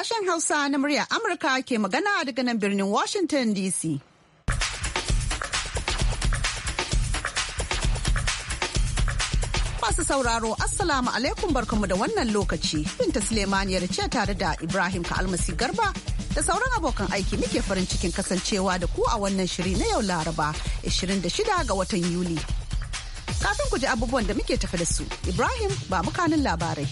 sashen Hausa na murya Amurka ke magana daga nan birnin Washington DC. Masu sauraro, Assalamu alaikum barkamu da wannan lokaci. Binta Sulemaniyar ce tare da Ibrahim Ka'almasi Garba da sauran abokan aiki muke farin cikin kasancewa da ku a wannan shiri na yau Laraba 26 ga watan Yuli. Kafin ku ji abubuwan da muke tafi da su, Ibrahim ba mukanin labarai.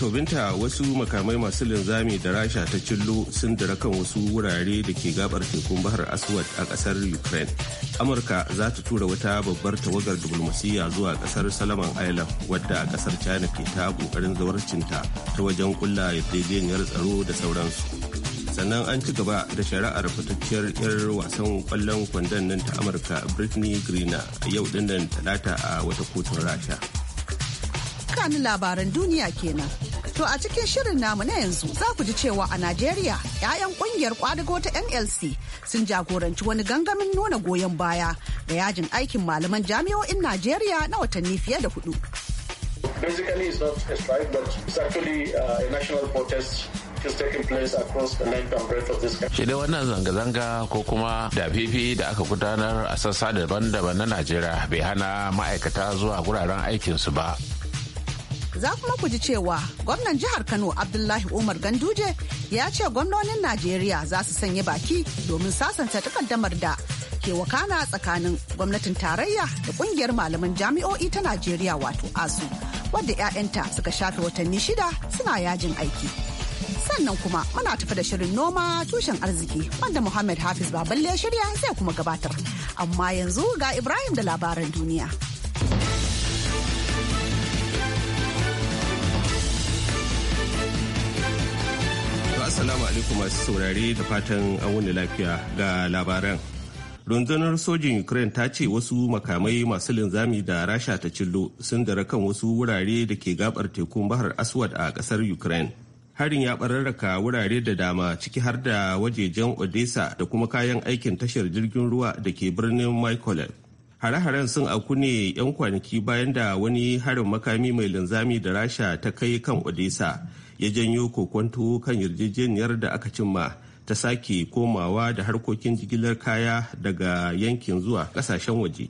To binta wasu makamai masu linzami da rasha ta cillo sun dira kan wasu wurare da ke gabar tekun bahar aswad a kasar ukraine amurka za ta tura wata babbar tawagar diplomasiyya zuwa kasar salaman island wadda a kasar china ke ta kokarin zawarcinta ta wajen kulla yarjejeniyar tsaro da sauransu sannan an ci gaba da shari'ar fitacciyar 'yar wasan kwallon kwandon nan ta amurka britney greener yau dinnan talata a wata kotun rasha kanin labaran duniya kenan To a cikin shirin namu na yanzu za ku ji cewa a Najeriya 'ya'yan kungiyar kwadago ta NLC sun jagoranci wani gangamin nuna goyon baya ga yajin aikin malaman jami'o'in Najeriya na watanni fiye da hudu. Basically it's not a strike but it's actually uh, a national protest Shi dai wannan zanga-zanga ko kuma da fifi da aka gudanar a sassa daban-daban na Najeriya bai hana ma'aikata zuwa guraren aikinsu ba. Za kuma ku ji cewa gwamnan jihar Kano Abdullahi Umar Ganduje ya ce gwamnonin Najeriya za su sanya baki domin sasanta takaddamar da ke wakana tsakanin gwamnatin tarayya da kungiyar malaman jami'o'i ta Najeriya wato ASU wadda 'ya'yanta suka shafe watanni shida suna yajin aiki. Sannan kuma muna tafi da shirin noma tushen arziki wanda Muhammad Hafiz Baballe shirya zai kuma gabatar. Amma yanzu ga Ibrahim da labaran duniya. alaikum masu saurare da fatan an wani lafiya ga labaran. Rundunar sojin Ukraine ta ce wasu makamai masu linzami da rasha ta cillo sun dara kan wasu wurare da ke gabar tekun bahar Aswad a kasar Ukraine. Harin ya bararraka wurare da dama ciki har da wajejen Odessa da kuma kayan aikin tashar jirgin ruwa da ke birnin Mykolaiv. hare-haren sun auku ne 'yan kwanaki bayan da wani harin makami mai linzami da rasha ta kai kan odessa ya janyo kokwanto kan yarjejeniyar da aka cimma ta sake komawa da harkokin jigilar kaya daga yankin zuwa kasashen waje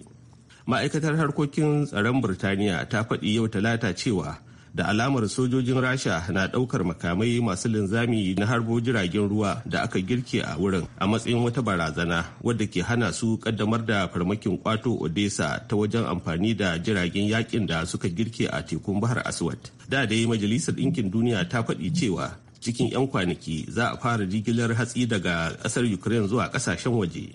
ma'aikatar harkokin tsaron birtaniya ta faɗi yau talata cewa da alamar sojojin rasha na daukar makamai masu linzami na harbo jiragen ruwa da aka girke a wurin a matsayin wata barazana wadda ke hana su kaddamar da farmakin kwato odessa ta wajen amfani da jiragen yakin da suka girke a tekun bahar aswad da dai majalisar ɗinkin duniya ta faɗi cewa cikin 'yan kwanaki za a fara jigilar hatsi daga ƙasar ukraine zuwa ƙasashen waje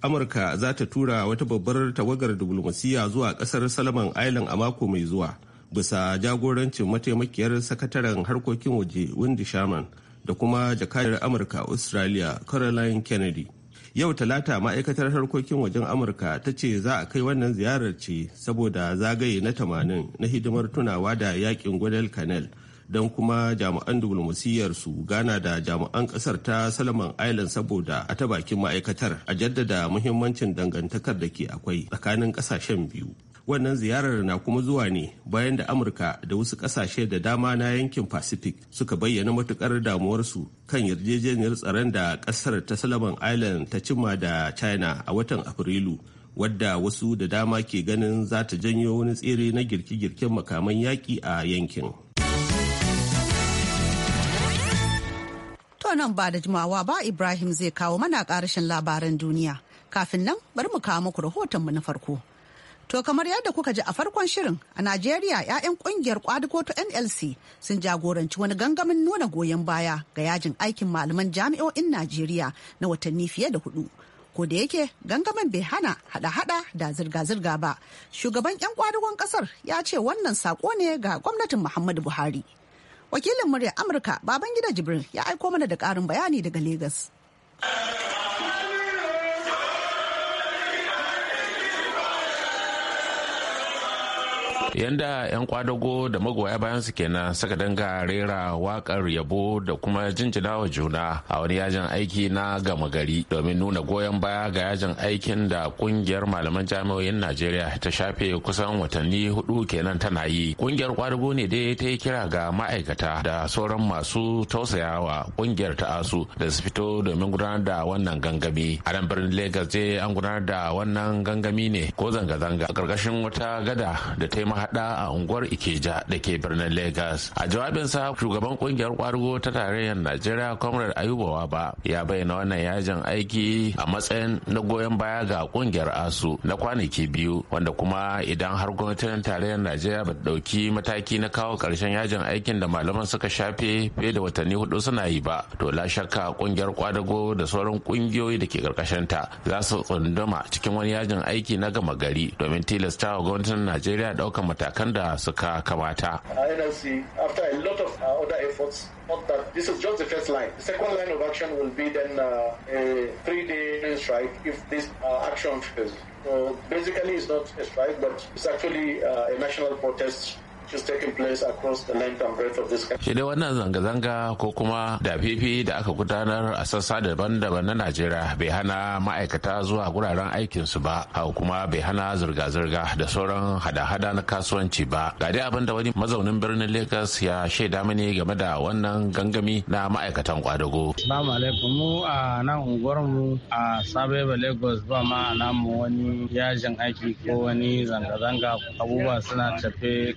amurka za ta tura wata babbar tawagar diflomasiyya zuwa ƙasar salaman island a mako mai zuwa bisa jagorancin mataimakiyar sakataren harkokin waje Wendy Sherman da kuma jakadar Amurka a Australia Caroline Kennedy. Yau talata ma'aikatar harkokin wajen Amurka ta ce za a kai wannan ziyarar ce saboda zagaye na tamanin na hidimar tunawa da yakin Gwadal Canal don kuma jami'an diflomasiyyar su gana da jami'an kasar ta Solomon Island saboda a ta bakin ma'aikatar a jaddada muhimmancin dangantakar da ke akwai tsakanin kasashen biyu. wannan ziyarar na kuma zuwa ne bayan da amurka da wasu kasashe da dama na yankin pacific suka bayyana matukar damuwarsu kan yarjejeniyar tsaron da kasar ta salaman island ta cimma da china a watan afrilu wadda wasu da dama ke ganin za ta janyo wani tsere na girke-girken makaman yaƙi a yankin nan ba da jimawa ba Ibrahim zai kawo mana ƙarashin labaran duniya. Kafin nan bari mu kawo muku rahotonmu na farko. To kamar yadda kuka ji a farkon shirin a Najeriya 'ya'yan kungiyar kwadugo ta NLC sun jagoranci wani gangamin nuna goyon baya ga yajin aikin malaman jami'o'in Najeriya na watanni fiye da hudu. Ko da yake gangamin bai hana hada-hada da zirga-zirga ba. Shugaban 'yan kwadugon kasar ya ce wannan sako ne ga gwamnatin Muhammadu Buhari. Wakilin muryar Amurka Babangida Jibril ya aiko mana da ƙarin bayani daga Legas. yanda 'yan kwadago da magoya bayan su kenan suka danga rera wakar yabo da kuma jinjinawa juna a wani yajin aiki na gama gari domin nuna goyon baya ga yajin aikin da kungiyar malaman jami'o'in najeriya ta shafe kusan watanni hudu kenan tana yi kungiyar kwadago ne dai ta yi kira ga ma'aikata da sauran masu tausayawa kungiyar ta asu da su fito domin gudanar da wannan gangami a nan birnin Legas dai an gudanar da wannan gangami ne ko zanga-zanga a ƙarƙashin wata gada da ta yi hada a unguwar ikeja da ke birnin lagos a jawabinsa shugaban kungiyar kwarugo ta tarayyar najeriya comrade ayuba ba ya bayyana wannan yajin aiki a matsayin na goyon baya ga kungiyar asu na kwanaki biyu wanda kuma idan har gwamnatin tarayyar najeriya ba ta dauki mataki na kawo karshen yajin aikin da malaman suka shafe fiye da watanni hudu suna yi ba to la shakka kungiyar kwadago da sauran kungiyoyi da ke karkashin ta za su tsunduma cikin wani yajin aiki na gama gari domin tilasta gwamnatin najeriya daukan After a lot of uh, other efforts, not that This is just the first line. The second line of action will be then uh, a three-day strike if this uh, action fails. So basically, it's not a strike, but it's actually a national protest is taking place across the of this Shi wannan zanga-zanga ko kuma dafifi da aka gudanar a sassa daban-daban na Najeriya bai hana ma'aikata zuwa guraren aikinsu ba, haka kuma bai hana zirga-zirga da sauran hada-hada na kasuwanci ba. Ga dai abin da wani mazaunin birnin Lagos ya shaida mini game da wannan gangami na ma'aikatan kwadago. Salamu alaikum mu a nan unguwar mu a Sabeba Lagos ba ma namu wani yajin aiki ko wani zanga-zanga abubuwa suna tafe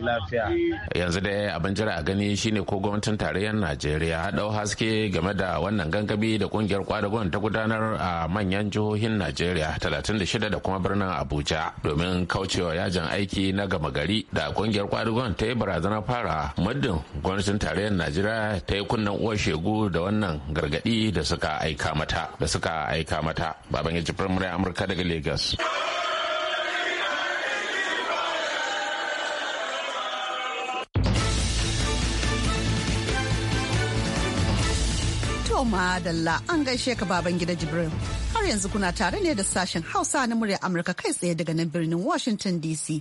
lafiya yanzu da abin jira a gani shine ko gwamnatin tarayyar najeriya hadau haske game da wannan gangami da kungiyar kwadagon ta gudanar a manyan jihohin najeriya 36 da kuma birnin abuja domin kaucewa yajin aiki na gama gari da kungiyar kwadagon ta yi barazana fara muddin gwamnatin tarayyar najeriya ta yi kunnen uwar shegu da wannan gargadi da suka aika mata da suka aika mata baban ya amurka daga lagos To madalla an gaishe ka baban gida Jibril. Har yanzu kuna tare ne da sashen Hausa na murya Amurka kai tsaye daga nan birnin Washington DC.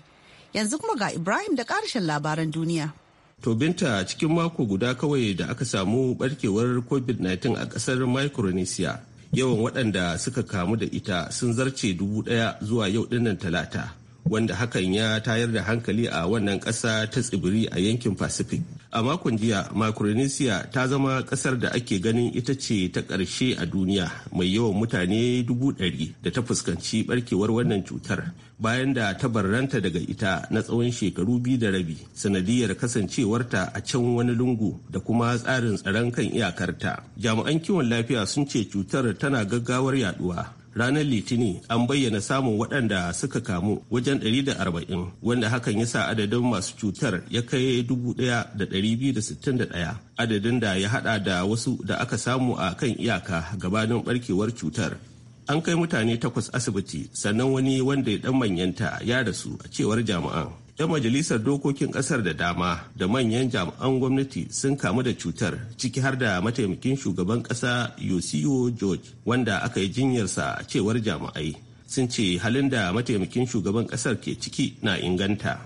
Yanzu kuma ga Ibrahim da ƙarshen labaran duniya. To binta cikin mako guda kawai da aka samu barkewar COVID-19 a ƙasar Micronesia. Yawan waɗanda suka kamu da ita sun zarce dubu ɗaya zuwa yau ɗinnan talata. Wanda hakan ya tayar da hankali a wannan ƙasa ta tsibiri a yankin Pacific. a makon jiya micronesia ta zama kasar da ake ganin ita ce ta ƙarshe a duniya mai yawan mutane dubu ɗari da ta fuskanci barkewar wannan cutar bayan da ta barranta daga ita na tsawon shekaru biyu da rabi sanadiyar kasancewarta a can wani lungu da kuma tsarin tsaron kan iyakarta jami'an kiwon lafiya sun ce cutar tana gaggawar yaduwa ranar Litinin, an bayyana samun waɗanda suka kamu wajen 140 wanda hakan ya sa adadin masu cutar ya kai 1,261 adadin da ya hada da wasu da aka samu a kan iyaka gabanin barkewar cutar an kai mutane takwas asibiti sannan wani wanda ya dan manyanta ya rasu a cewar jami'an 'yan majalisar dokokin kasar da dama da manyan jami'an gwamnati sun kamu da cutar ciki har da mataimakin shugaban kasa yosiyo george wanda aka yi jinyarsa a cewar jami'ai sun ce halin da mataimakin shugaban kasar ke ciki na inganta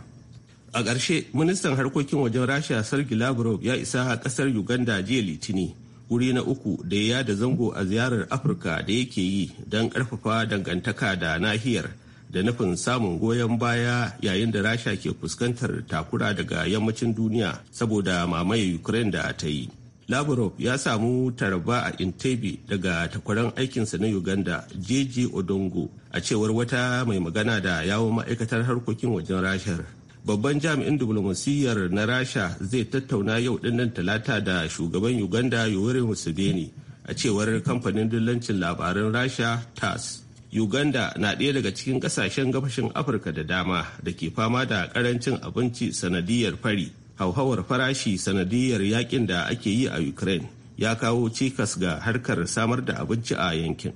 a ƙarshe ministan harkokin wajen rasha sergi lavrov ya isa a kasar uganda jiya litini wuri na uku da ya da zango a ziyarar afirka da yake yi don ƙarfafa dangantaka da nahiyar da nufin samun goyon baya yayin da rasha ke fuskantar takura daga yammacin duniya saboda mamaye ukraine da ta yi lavrov ya samu taraba a entebbe daga takwaran aikinsa na uganda jeje odongo a cewar wata mai magana da yawon ma'aikatar harkokin wajen rashar babban jami'in diplomasiyyar na rasha zai tattauna yau dinnan talata da shugaban uganda yoweri museveni a cewar kamfanin dillancin labaran rasha tas Uganda na ɗaya daga cikin ƙasashen gabashin Afirka da dama da ke fama da ƙarancin abinci sanadiyar fari. Hauhawar farashi sanadiyar yakin da ake yi a Ukraine ya kawo cikas ga harkar samar da abinci a yankin.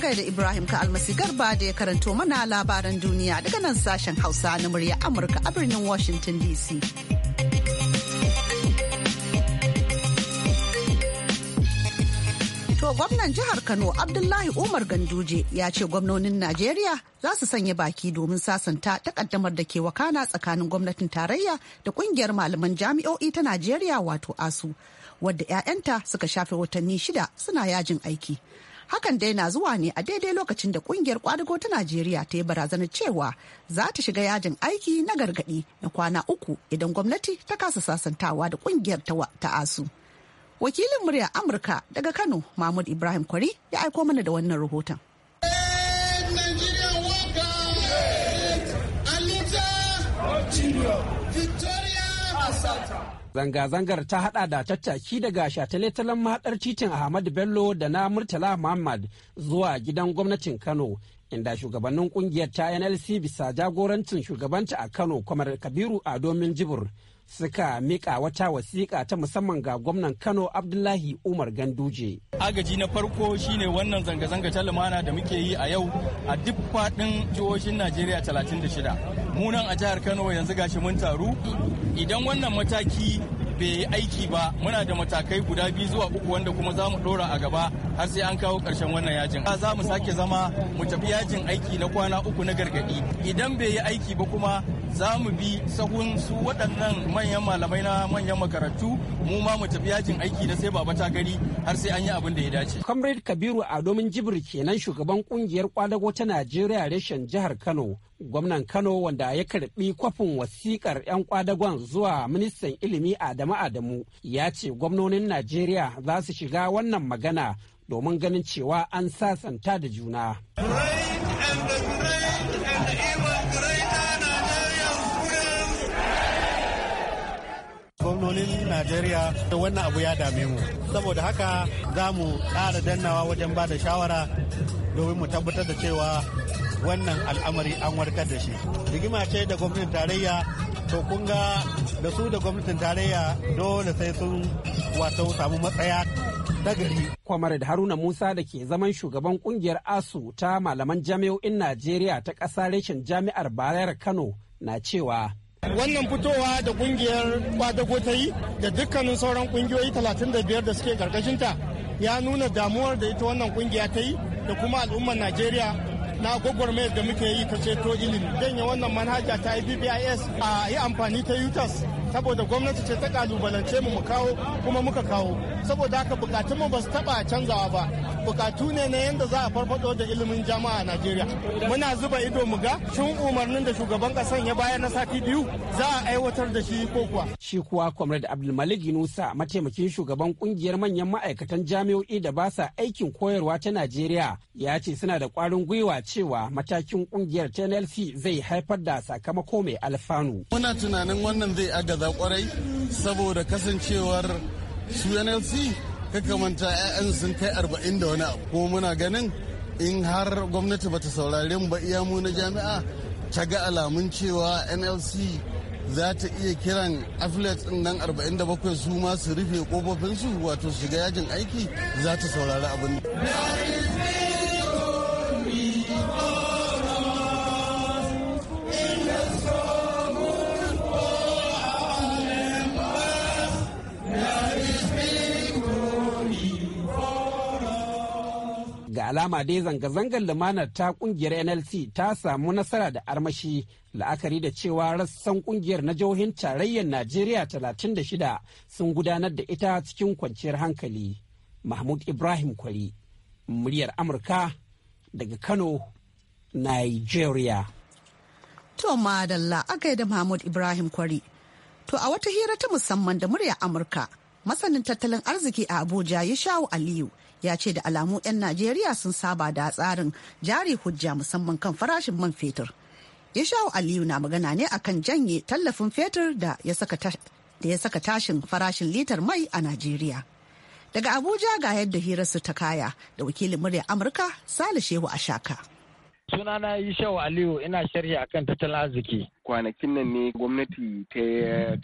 da Ibrahim ka almasi garba da ya karanto mana labaran duniya daga nan sashen Hausa na murya Amurka a birnin Washington DC. gwamnan jihar Kano Abdullahi Umar Ganduje ya ce gwamnonin Najeriya za su sanya baki domin sasanta takaddamar da ke wakana tsakanin gwamnatin tarayya da kungiyar malaman jami'o'i ta Najeriya wato ASU wadda 'ya'yanta suka shafe watanni shida suna yajin aiki. Hakan dai na zuwa ne a daidai lokacin da kungiyar kwadago ta Najeriya ta yi barazanar cewa za ta shiga yajin aiki na gargadi na kwana uku idan gwamnati ta kasa sasantawa da kungiyar ta ASU. wakilin murya amurka daga kano mahmud ibrahim kwari ya aiko mana da wannan rahoton Zanga-zangar ta hada da tattaki daga shataletalen mahaɗar titin Ahmadu Bello da na Murtala Muhammad zuwa gidan gwamnatin Kano inda shugabannin kungiyar ta NLC bisa jagorancin shugabanta a Kano kamar Kabiru a domin jibur. suka mika wata wasiƙa ta musamman ga gwamnan kano abdullahi umar ganduje agaji na farko shine wannan zanga-zanga ta lumana da muke yi a yau a duk faɗin jihohin najeriya 36 munan a jihar kano yanzu gashi mun taru idan wannan mataki bai yi aiki ba muna da matakai guda biyu zuwa uku wanda kuma za mu dora a gaba har sai an kawo karshen wannan yajin. Za mu sake zama mu tafi yajin aiki na kwana uku na gargaɗi. Idan bai yi aiki ba kuma za mu bi sahun su waɗannan manyan malamai na manyan makarantu mu ma mu tafi yajin aiki na sai baba ta gari har sai an yi abin da ya dace. Comrade Kabiru a domin Jibir kenan shugaban kungiyar kwadago ta Najeriya reshen jihar Kano. Gwamnan Kano wanda ya karbi kwafin wasikar 'yan kwadagon zuwa ministan ilimi Adamu jama'a da mu ya ce gwamnonin Najeriya za su shiga wannan magana domin ganin cewa an sasanta da juna. gwamnonin Najeriya da wannan abu ya dame mu. Saboda haka za mu ƙara dannawa wajen ba da shawara domin mu tabbatar da cewa wannan al'amari an warkar da shi rigima ce da gwamnatin tarayya to kun ga da su da gwamnatin tarayya dole sai sun wato samu matsaya gari Kwamar da Haruna Musa da ke zaman shugaban kungiyar ASU ta malaman jami'o'in Najeriya ta ƙasa reshen jami'ar Bayar Kano na cewa wannan fitowa da kungiyar kwadago ta yi da dukkanin sauran kungiyoyi 35 da suke karkashinta ya nuna damuwar da ita wannan kungiya ta yi da kuma al'ummar najeriya na gwagwarmayar da muke yi ta ceto ilimi janye wannan manhaja ta BBIS a yi amfani ta UTAS saboda gwamnati ce ta kalubalance mu mu kawo kuma muka kawo saboda haka bukatun mu ba su taba canzawa ba bukatu ne na yadda za a farfado da ilimin jama'a a Najeriya muna zuba ido mu ga shin umarnin da shugaban kasan ya bayar na sati biyu za a aiwatar da shi ko kuwa shi kuwa comrade Abdulmalik Yunusa mataimakin shugaban kungiyar manyan ma'aikatan jami'o'i da ba sa aikin koyarwa ta Najeriya ya ce suna da kwarin gwiwa cewa matakin kungiyar TNLC zai haifar da sakamako mai alfanu muna tunanin wannan zai agaza tsada kwarai saboda kasancewar su nlc manta 'ya'yan sun kai arba'in da wani abu kuma muna ganin in har gwamnati bata saurare mu ba iya mu na jami'a ta ga alamun cewa nlc za ta iya kiran athletes din nan 47 su ma su rufe kofofinsu wato shiga yajin aiki za ta saurari abin alama dai zanga-zangar lumanar ta kungiyar nlc ta samu nasara da armashi la'akari da cewa rassan kungiyar na jihohin tarayyar najeriya 36 sun gudanar da ita cikin kwanciyar hankali mahmud ibrahim kwari muryar amurka daga kano nigeria to madalla aka da mahmud ibrahim kwari to a wata hira ta musamman da muryar amurka masanin tattalin arziki a abuja ya shawo aliyu ya ce da alamu 'yan najeriya sun saba da tsarin jari hujja musamman kan farashin man fetur ya shawo aliyu na magana ne akan janye tallafin fetur da ya saka tashin farashin litar mai a najeriya daga abuja ga yadda hirarsu ta kaya da wakilin murya amurka sale shehu a shaka sunana yi shawo aliyu ina sharhi akan tattalin arziki kwanakin nan ne gwamnati ta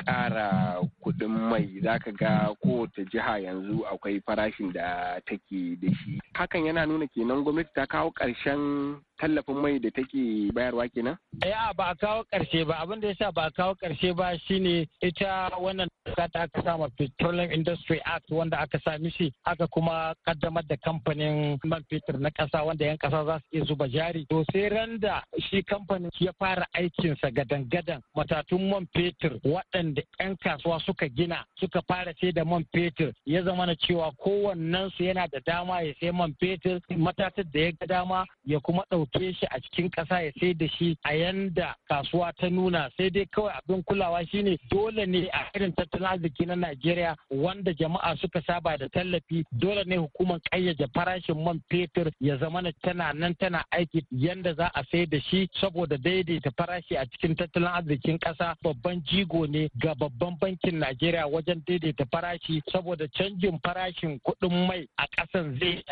ƙara kuɗin mai zaka ga kowace jiha yanzu akwai farashin da take da shi hakan yana nuna kenan gwamnati ta kawo ƙarshen tallafin mai da take bayarwa kenan? Ya eh, ba a kawo ƙarshe ba abin da ya sa ba a kawo ƙarshe ba shine ita wannan doka ta aka sama Petroleum Industry Act wanda aka sa mishi aka kuma kaddamar da kamfanin man fetur na ƙasa wanda 'yan ƙasa za su iya zuba jari. To sai randa da shi kamfanin ya fara aikinsa ga gadan-gadan matatun man fetur waɗanda 'yan kasuwa suka gina suka fara sai da man fetur ya zama na cewa kowannensu yana da dama ya sai man fetur matatar da ya ga dama ya kuma ɗauke shi a cikin ƙasa ya sai da shi a yanda kasuwa ta nuna sai dai kawai abin kulawa shine dole ne a irin tattalin arziki na Najeriya wanda jama'a suka saba da tallafi dole ne hukumar ƙayyade farashin man fetur ya zama tana nan tana aiki yanda za a sai da shi saboda daidaita farashi a cikin tattalin arzikin ƙasa babban jigo ne ga babban bankin Najeriya wajen daidaita farashi saboda canjin farashin kuɗin mai a ƙasan zai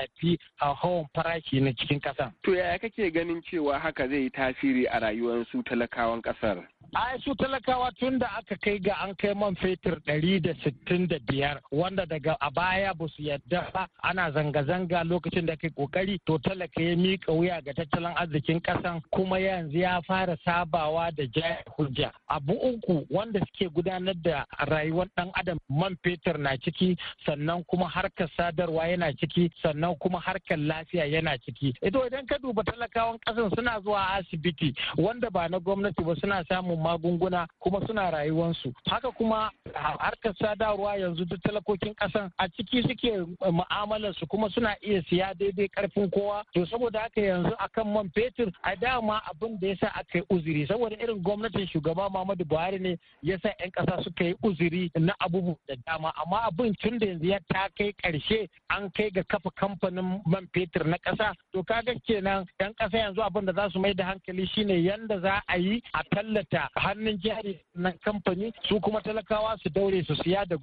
a hawan farashi na cikin ƙasan. To yaya kake ganin cewa haka zai yi tasiri a rayuwar su talakawan ƙasar? ai su talakawa tun da aka kai ga an kai man fetur ɗari da da sittin biyar wanda daga a baya ba su yadda ba ana zanga-zanga lokacin da kai kokari to talaka ya mika wuya ga tattalin arzikin kasan kuma yanzu ya fara sabawa da jaya hujja abu uku wanda suke gudanar da rayuwar ɗan adam man fetur na ciki sannan kuma harkar sadarwa yana ciki sannan kuma harkar lafiya yana ciki ito idan ka duba talakawan kasan suna zuwa asibiti wanda ba na gwamnati ba suna samun samun magunguna kuma suna rayuwansu haka kuma harkar sadarwa yanzu duk talakokin kasan a ciki suke eh, mu'amalar su kuma suna iya siya daidai karfin kowa to saboda haka yanzu akan man fetur a dama abin da yasa aka yi uzuri saboda irin gwamnatin shugaba Muhammadu Buhari ne yasa 'yan kasa suka yi uzuri na abubuwa da dama amma abin tun da yanzu ya ta kai karshe an kai ga kafa kamfanin man fetur na kasa to kaga kenan 'yan kasa yanzu abin da za su mai da hankali shine yanda za a yi a tallata hannun jari na kamfani su kuma talakawa su daure su siya da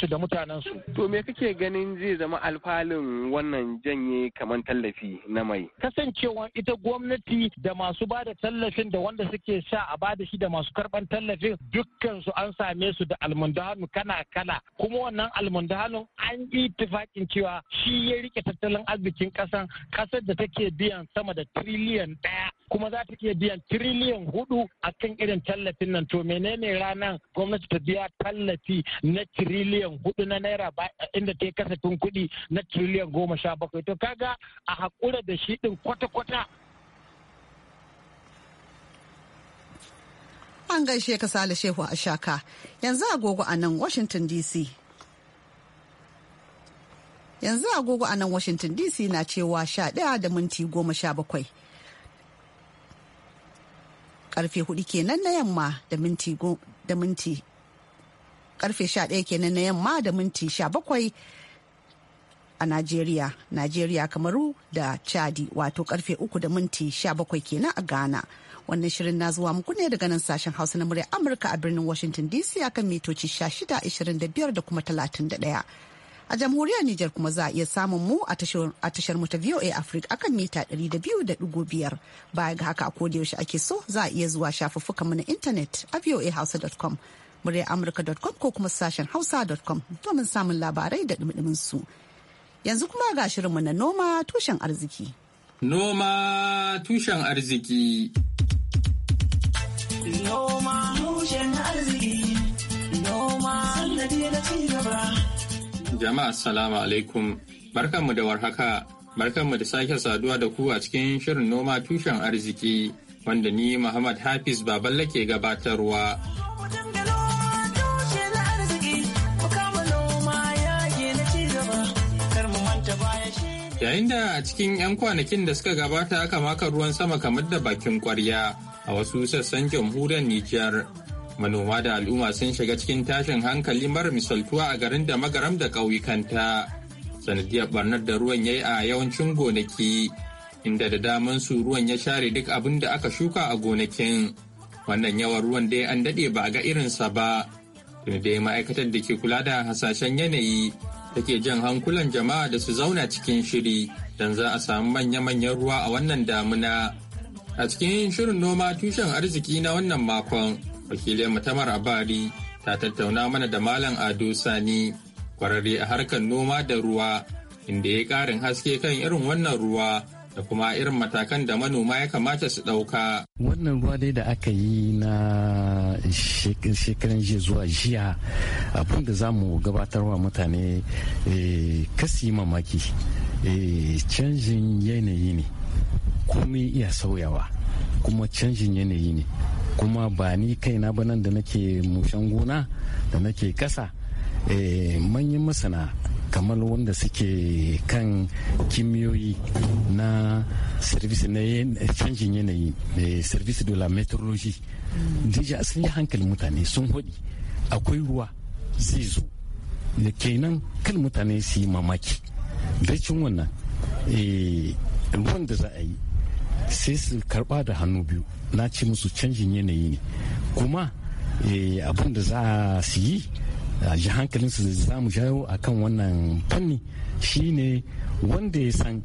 su da mutanensu. To me kake ganin zai zama alfalin wannan janye kamar tallafi na mai? Kasancewa ita gwamnati da masu ba da tallafin da wanda suke sha a ba da shi da masu karban tallafin dukkan su an same su da almundahanu kana kala kuma wannan almundahanu an yi tufaƙin cewa shi ya rike tattalin arzikin ƙasan ƙasar da take biyan sama da tiriliyan ɗaya kuma za ta iya biyan tiriliyan hudu a kan irin tallafin nan to menene ranar gwamnati ta biya tallafi na tiriliyan hudu na naira inda ta yi kasafin kudi na tiriliyan goma sha bakwai to kaga a haƙura da shi ɗin kwata-kwata an gaishe ka sale shehu a shaka yanzu agogo a nan washington dc yanzu agogo a nan washington dc na cewa daya da minti goma sha bakwai karfe hudu kenan na yamma da minti da minti karfe 11 kenan na yamma da minti 17 a Najeriya, Najeriya Kamaru da Chadi wato karfe 3 da minti 17 kenan a Ghana. Wannan shirin na zuwa muku ne daga nan sashen Hausa na murya Amurka a birnin Washington DC akan mitoci 16, 25 da kuma 31. A jamhuriyar Nijar kuma za a iya samun mu a tashar mu ta VOA Africa akan mita 200.5 baya ga haka ko da yaushe ake so za a iya zuwa shafuffukan mu na intanet a voahausa.com muryar amurka.com ko kuma sashen hausa.com domin samun labarai da dumin su. Yanzu kuma ga mu na noma tushen arziki. Noma tushen arziki. Noma tushen arziki. Noma sanadiyar na ci gaba. Jama'a Salamu alaikum. Barkanmu da warhaka. Barkanmu da sake saduwa da ku a cikin shirin noma tushen arziki wanda ni Muhammad Hafiz Baballe ke gabatarwa. Yayin da a cikin 'yan kwanakin da suka gabata aka maka ruwan sama kamar da bakin kwarya a wasu sassan jamhuriyar Nijar. manoma da al'umma sun shiga cikin tashin hankali mara misaltuwa a garin da magaram da ƙauyukanta sanadiyar barnar da ruwan ya yi a yawancin gonaki inda da daman su ruwan ya share duk abin da aka shuka a gonakin wannan yawan ruwan dai an daɗe ba a ga irinsa ba tuni dai ma'aikatar da ke kula da hasashen yanayi take jan hankulan jama'a da su zauna cikin shiri don za a samu manya-manyan ruwa a wannan damuna a cikin shirin noma tushen arziki na wannan makon wakilin mutamar abari ta tattauna mana da malam ado sani kwararre a harkar noma da ruwa inda ya karin haske kan irin wannan ruwa da kuma irin matakan da manoma ya kamata su ɗauka. Wannan ruwa dai da aka yi na shekaran jiya zuwa jiya abin da za mu gabatarwa mutane eh, kasi mamaki eh, canjin yanayi ne komai iya sauyawa kuma canjin yanayi ne kuma ba ni kaina ba nan da nake mushen gona da nake kasa eh, manyan masana kamar wanda suke kan kimiyoyi na service na canjin yanayi eh, service de la meteorology dija sun yi hankali mutane sun hudi akwai ruwa zai zo da kenan kan mutane su yi mamaki cin wannan eh, ruwan da za a yi sai su karba da hannu biyu na ce musu canjin yanayi ne kuma eh, abin da za su yi ji hankalinsu za mu jawo a kan wannan fanni shine wanda ya san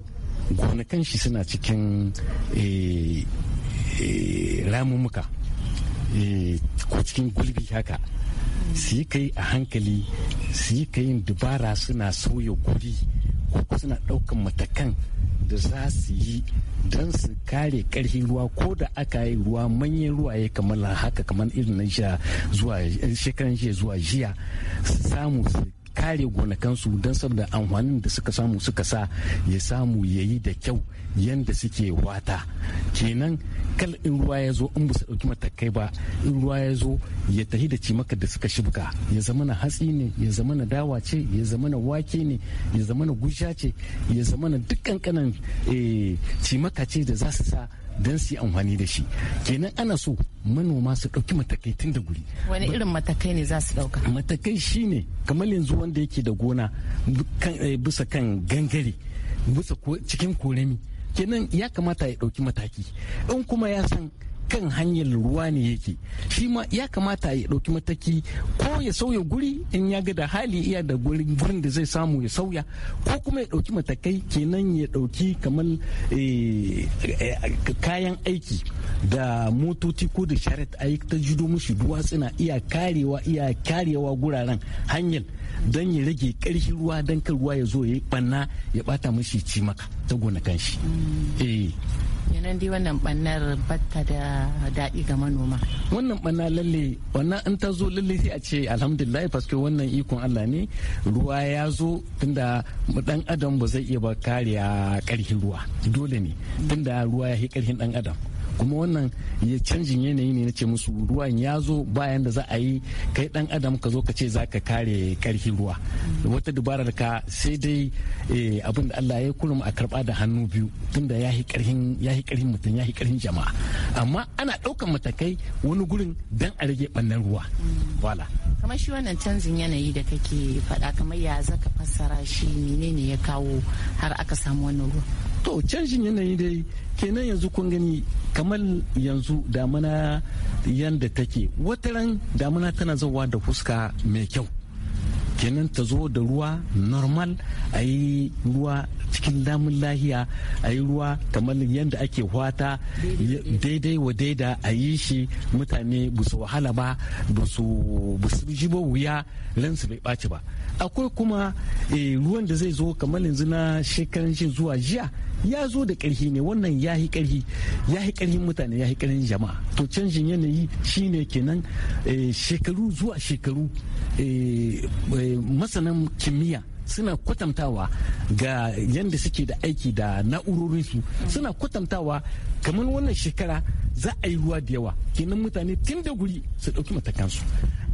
gonakan shi suna cikin eh, eh, ramumuka ko cikin gulbi haka su yi kai a hankali su yi kayin dubara suna sauya guri ko suna ɗaukan matakan da za su yi don su kare karfin ruwa ko da aka yi ruwa manyan ruwa ya kamar haka kamar irin na jiya shekaran zuwa jiya su samu su kare gonakansu don saboda amfanin da suka samu suka sa ya samu ya yi da kyau yadda suke wata kenan kal in ruwa ya zo in ba su ɗauki matakai ba in ruwa ya zo ya tahi da cimaka da suka shibka ya zama na hatsi ne ya zama na dawa ce ya zama na wake ne ya zama na gusha ce ya zama na duk kankanan eh, cimaka ce da za su sa don su yi amfani da shi kenan ana so manoma su ɗauki matakai tun da guri wani irin matakai ne za su ɗauka matakai shine kamar yanzu wanda yake da gona eh, bisa kan gangare bisa cikin korami kenan ya kamata ya ɗauki mataki in kuma ya san kan hanyar ruwa ne yake shi ma ya kamata ya ɗauki mataki ko ya sauya guri in ya ga da hali iya da gurin da zai samu ya sauya ko kuma ya ɗauki matakai kenan ya ɗauki kamar eh, kayan aiki da motoci ko da sharet a ta jido mushi na iya karewa iya karewa guraren hanyar don ya rage karfi ruwa don kan ruwa ya zo ya yi ɓanna ya bata mushi cimaka ta gona kanshi. Eh. kenan dai wannan bannar batta da daɗi ga manoma wannan banna lalle wannan an ta zo lalle sai a ce alhamdulillah paske wannan ikon Allah ne ruwa ya zo tunda dan adam ba zai iya ba kariya karhin ruwa dole ne tunda ruwa ya yi karhin dan adam kuma wannan ya canjin yanayi ne na ce musu ruwan ya zo bayan da za a yi kai dan adam ka zo ka ce za ka kare karfi ruwa wata dabarar ka sai dai eh, abin da Allah ya kurum a karba da hannu biyu tunda ya yi ya yi karfin mutum ya yi karfin jama'a amma ana daukan matakai wani gurin dan a rage bannan ruwa wala kamar shi wannan canjin yanayi da kake faɗa kamar ya zaka fassara shi menene ya kawo har aka samu wannan ruwa to canjin yanayi dai kenan yanzu kun gani kamar yanzu damuna yanda take wataran damuna tana zawa da fuska mai kyau kenan ta zo da ruwa normal a yi ruwa cikin damun lahiya a yi ruwa kamar yadda ake hwata daidai wa daida a yi shi mutane ba su wahala ba ba su ji ba wuya su bai ɓaci ba akwai kuma eh, ruwan da zai zo kamar yanzu na shekaran shi zuwa jiya ya zo da ƙarfi ne wannan ya yi ƙarfi ya yi ƙarfin mutane ya yi ƙarfin jama'a to canjin yanayi shine kenan eh, shekaru zuwa shekaru eh, eh, masanan kimiyya suna kwatantawa ga yadda suke da aiki da na'urorin su suna kwatantawa kamar wannan shekara za a yi ruwa da yawa kenan mutane tun da guri su ɗauki matakansu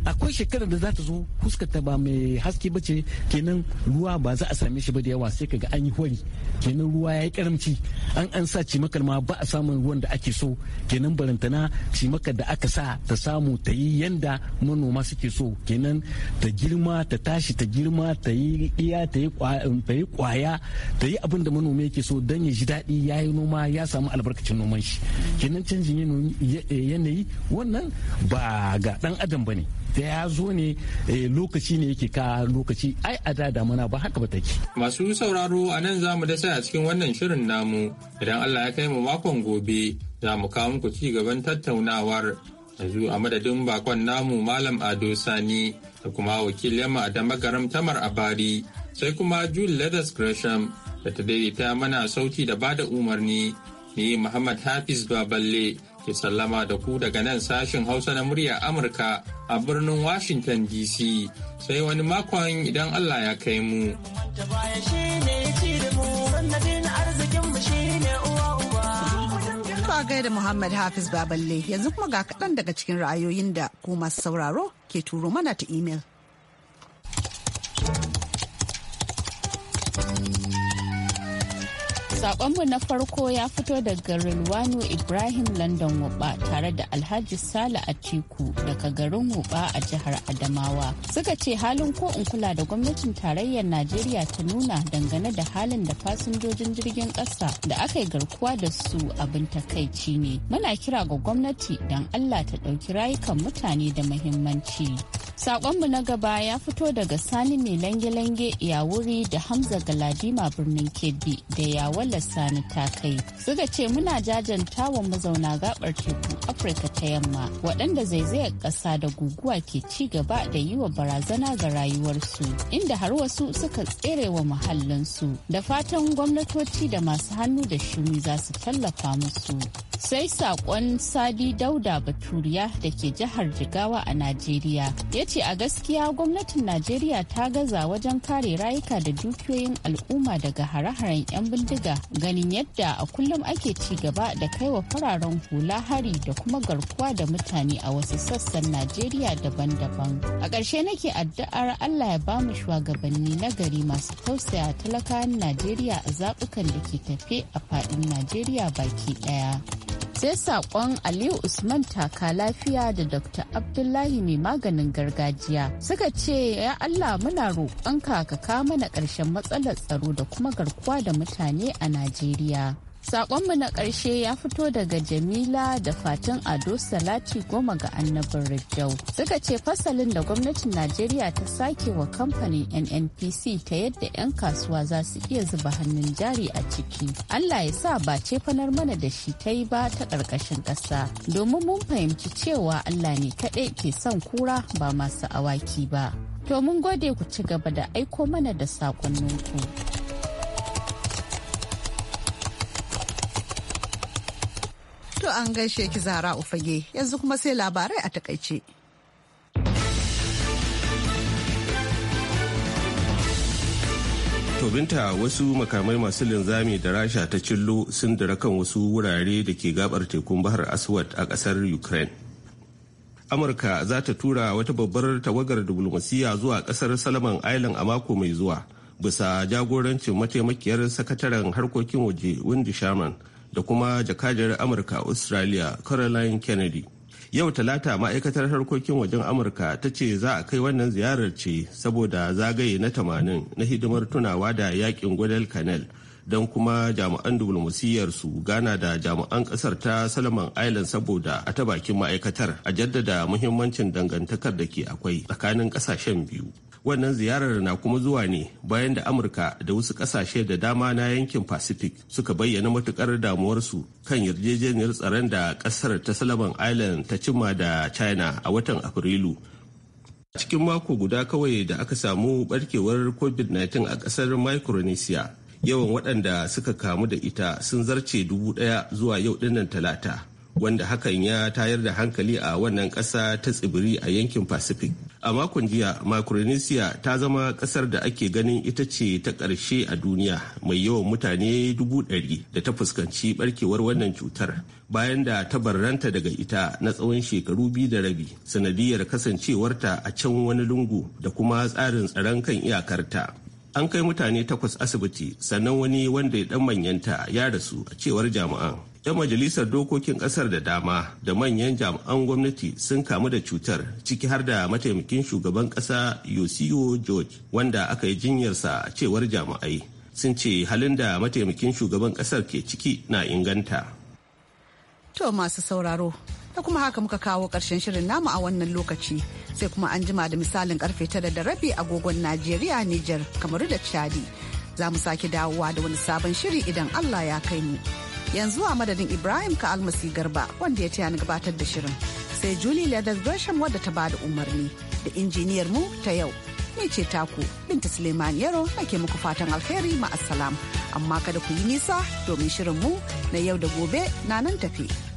akwai shekarar da za ta zo huskar ta ba mai haske ba ce kenan ruwa ba za a same shi ba da yawa sai kaga an yi hori kenan ruwa ya yi karamci an an sa cimakar ma ba a samun ruwan da ake so kenan barantana cimakar da aka sa ta samu ta yi yanda manoma suke so kenan ta girma ta tashi ta girma ta yi iya ta yi um, kwaya ta yi abin da manomi yake so don ya ji daɗi ya yi noma ya samu albarkacin noman shi kenan canjin eh, yanayi wannan ba ga ɗan adam ba ne da ya zo ne eh, lokaci ne yake ka lokaci ai a da damana ba haka ba take masu sauraro a nan za mu dasa a cikin wannan shirin namu idan Allah ya kai mu makon gobe za mu kawo muku ci gaban tattaunawar yanzu a madadin bakon namu malam ado sani da kuma wakil yamma da magaram tamar abari sai kuma jul leathers gresham da ta daidaita mana sauti da bada umarni ni muhammad hafiz baballe ke sallama da ku daga nan sashin Hausa na murya Amurka a birnin Washington DC sai wani makon idan Allah ya kai mu. Ba da Muhammad Hafiz Baballe yanzu kuma ga kaɗan daga cikin ra'ayoyin da ku masu sauraro ke turo mana ta imel. Sakonmu na farko ya fito daga Rilwano Ibrahim London Wuba tare da Alhaji Sale Atiku daga garin Wuba a jihar Adamawa. Suka ce halin ko in kula da gwamnatin tarayyar Najeriya ta nuna dangane da halin da fasinjojin jirgin ƙasa da aka yi garkuwa da su abin takaici ne. Muna kira ga gwamnati don Allah ta ɗauki rayukan mutane da muhimmanci. Sakonmu na gaba ya fito daga Sani mai lange-lange ya wuri da Hamza Galadima birnin Kebbi da Yawala Sani ta kai. Suka ce muna jajanta wa mazauna gabar teku Afirka ta yamma waɗanda zaizayar ƙasa da guguwa ke ci gaba da yi wa barazana ga rayuwarsu inda har wasu suka tsere wa muhallinsu da fatan gwamnatoci da masu hannu da shuni za su tallafa musu. Sai saƙon Sadi Dauda Baturiya da ke jihar Jigawa a Najeriya ce a gaskiya gwamnatin najeriya ta gaza wajen kare rayuka da dukiyoyin al'umma daga hare-haren 'yan bindiga ganin yadda a kullum ake ci gaba da kaiwa fararen hula hari da kuma garkuwa da mutane a wasu sassan najeriya daban-daban a ƙarshe nake addu'ar allah ya bamu shugabanni na gari masu tausaya talakawan najeriya a zaɓukan da ke tafe a faɗin najeriya baki ɗaya sai sakon aliyu usman taka lafiya da dr abdullahi mai maganin gargajiya suka ce ya allah muna roƙonka ka kama na ƙarshen matsalar tsaro da kuma garkuwa da mutane a najeriya Sakonmu na ƙarshe ya fito daga Jamila da Fatin Ado Salati goma ga annabin Rijau. Suka ce fasalin da gwamnatin Najeriya ta sake wa kamfanin NNPC ta yadda 'yan kasuwa za su iya zuba hannun jari a ciki. Allah ya sa ba ce fanar mana da shi ta yi ba ta ƙarƙashin ƙasa. Domin mun fahimci cewa Allah ne kaɗai ke son kura ba masu awaki ba. To mun gode ku ci gaba da aiko mana da sakonninku. To an gaishe ki zara ufage yanzu kuma sai labarai a takaice. To binta wasu makamai masu linzami da rasha ta cillo sun dira kan wasu wurare da ke gabar tekun bahar aswad a kasar ukraine amurka za ta tura wata babbar tawagar diplomasiya zuwa kasar salaman island a mako mai zuwa bisa jagorancin mataimakiyar sakataren harkokin waje windy shaman da kuma jakadiyar amurka australia caroline kennedy yau talata ma'aikatar harkokin wajen amurka ta ce za a kai wannan ziyarar ce saboda zagaye na tamanin na hidimar tunawa da yakin gwadal canal don kuma jami'an diflomasiyyar su gana da jami'an kasar ta salaman island saboda a ta bakin ma'aikatar a jaddada muhimmancin dangantakar da ke akwai tsakanin kasashen biyu wannan ziyarar na kuma zuwa ne bayan da amurka da wasu kasashe da dama na yankin pacific suka bayyana matukar damuwarsu kan yarjejeniyar tsaron da kasar ta salaman island ta cimma da china a watan afrilu A cikin mako guda kawai da aka samu barkewar covid-19 a kasar micronesia yawan waɗanda suka kamu da ita sun zarce dubu ɗaya zuwa yau ɗinnan talata wanda hakan ya tayar da hankali a wannan ƙasa ta tsibiri a yankin pacific a makon jiya micronesia ta zama kasar da ake ganin ita ce ta ƙarshe a duniya mai yawan mutane dubu ɗari da ta fuskanci barkewar wannan cutar bayan da ta barranta daga ita na tsawon shekaru biyu da rabi sanadiyar kasancewarta a can wani lungu da kuma tsarin tsaron kan iyakarta an kai mutane takwas asibiti sannan wani wanda ya dan manyanta ya rasu a cewar jami'an 'yan majalisar dokokin kasar da dama da manyan jami'an gwamnati sun kamu da cutar ciki har da mataimakin shugaban kasa yosiyo george wanda aka yi jinyarsa a cewar jami'ai sun ce halin da mataimakin shugaban kasar ke ciki na inganta to masu sauraro da kuma haka muka kawo ƙarshen shirin namu a wannan lokaci sai kuma an jima da misalin karfe tara da rabi agogon najeriya niger kamaru da chadi za mu sake dawowa da wani sabon shiri idan allah ya kai mu. yanzu a madadin ibrahim ka almasi garba wanda ya taya gabatar da shirin sai julie leather gresham wadda ta bada umarni da injiniyar mu ta yau ni ce taku binta suleiman yaro nake muku fatan alheri ma'assalam amma kada ku yi nisa domin shirin mu na yau da gobe na nan tafi.